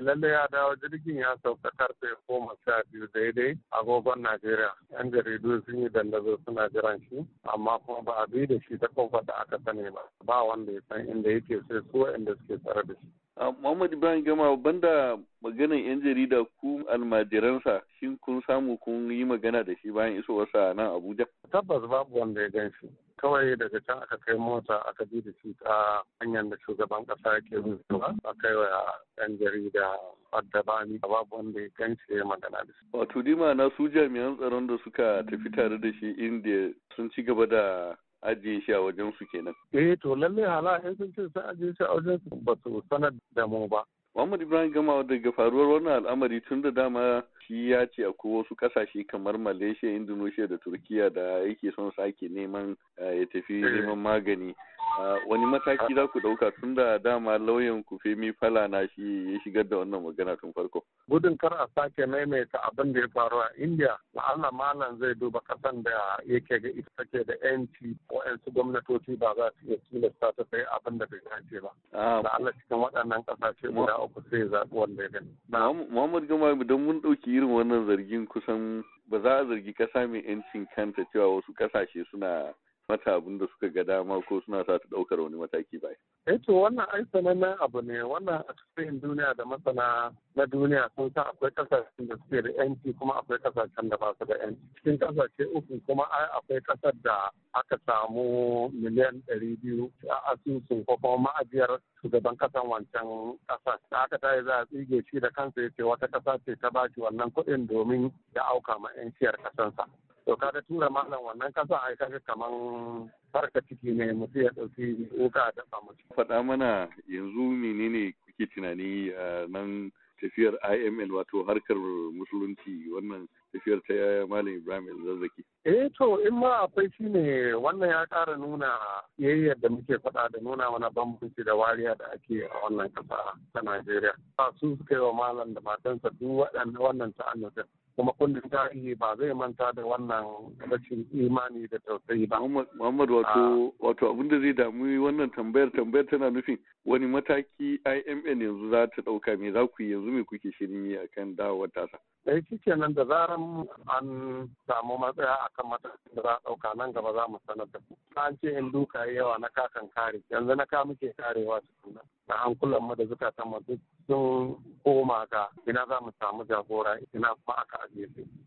Lalle ya dawo jirgin ya sauka karfe goma sha biyu daidai agogon Najeriya. Yan jaridu sun yi dandazo suna jiran shi amma kuma ba a bi da shi ta kofar da aka sani ba. Ba wanda ya san inda yake sai su inda suke tsare da shi. Muhammad Ibrahim Gama banda maganar 'yan jarida ku almajiransa shin kun samu kun yi magana da shi bayan isowarsa nan Abuja? Tabbas babu wanda ya gan shi. Kawai daga can aka kai mota aka bi da shi ta hanyar da shugaban kasa ke zuwa a kai wa 'yan jarida addabani babu wanda ya gan shi ya magana da shi. Wato dima na su jami'an tsaron da suka tafi tare da shi inda sun ci gaba da ajiye shi a wajen su kenan. Eh to lalle hala in sun ce sun ajiye shi a wajen su ba su sanar da mu ba. Muhammad Ibrahim Gama daga faruwar wannan al'amari tun da dama shi ya ce akwai wasu kasashe kamar Malaysia, Indonesia da Turkiya da yake son sake neman eh, ya tafi eh. neman magani. wani mataki za ku ɗauka tun da dama lauyan ku femi fala na shi ya shigar da wannan magana tun farko. Gudun kar a sake maimaita abin da ya faru a India, la'alla malam zai duba kasan da yake ga ita take da yanci wa'yansu gwamnatoci ba za su iya tilasta ta sai abin da bai dace ba. La'alla cikin waɗannan ƙasashe guda uku sai zaɓi wanda ya gani. Muhammad Gama idan mun ɗauki irin wannan zargin kusan ba za a zargi ƙasa mai 'yancin kanta cewa wasu ƙasashe suna mata abin da suka ga dama ko suna sa ta ɗaukar wani mataki ba. Eh to wannan ai sanannen abu ne wannan a cikin duniya da masana na duniya sun san akwai kasashen da suke da yanci kuma akwai kasashen da ba su da yanci. Cikin kasashe uku kuma ai akwai kasar da aka samu miliyan ɗari biyu a asusun ko kuma ma'ajiyar shugaban kasan wancan kasa da aka tayi za a tsige shi da kansa ya ce wata kasa ce ta bashi wannan kuɗin domin ya auka ma 'yan kasansa. to kaga tura malam wannan kasa ai kaga kaman farka ciki ne mutum ya dauki wuka da samu faɗa mana yanzu menene kuke tunani eh, nan tafiyar IML wato harkar musulunci wannan tafiyar ta yaya Malam Ibrahim Zazzaki. Eh to in ma akwai shi ne wannan ya ƙara nuna yayyar da muke faɗa da nuna mana bambanci da wariya da ake a wannan ƙasa ta Najeriya. Ba su suka yi wa malam da matansa duk waɗannan wannan ta'annatin. kuma kundin tarihi ba zai manta da wannan rashin imani da tausayi ba. Muhammad wato ah. wato abin da zai damu wannan tambayar tambayar tana nufin wani mataki IMN yanzu za ta ɗauka me za ku yanzu me kuke shirin yi akan dawowar tasa. ɗaya shi kenan da zaran an samu matsaya akan matakin da za a ɗauka nan gaba za mu sanar da ku an ce in duka yawa na kakan kare yanzu na ka muke karewa tukuna na hankulan mu da zukatan mu duk sun koma ga ina za mu samu jagora ina kuma aka ajiye su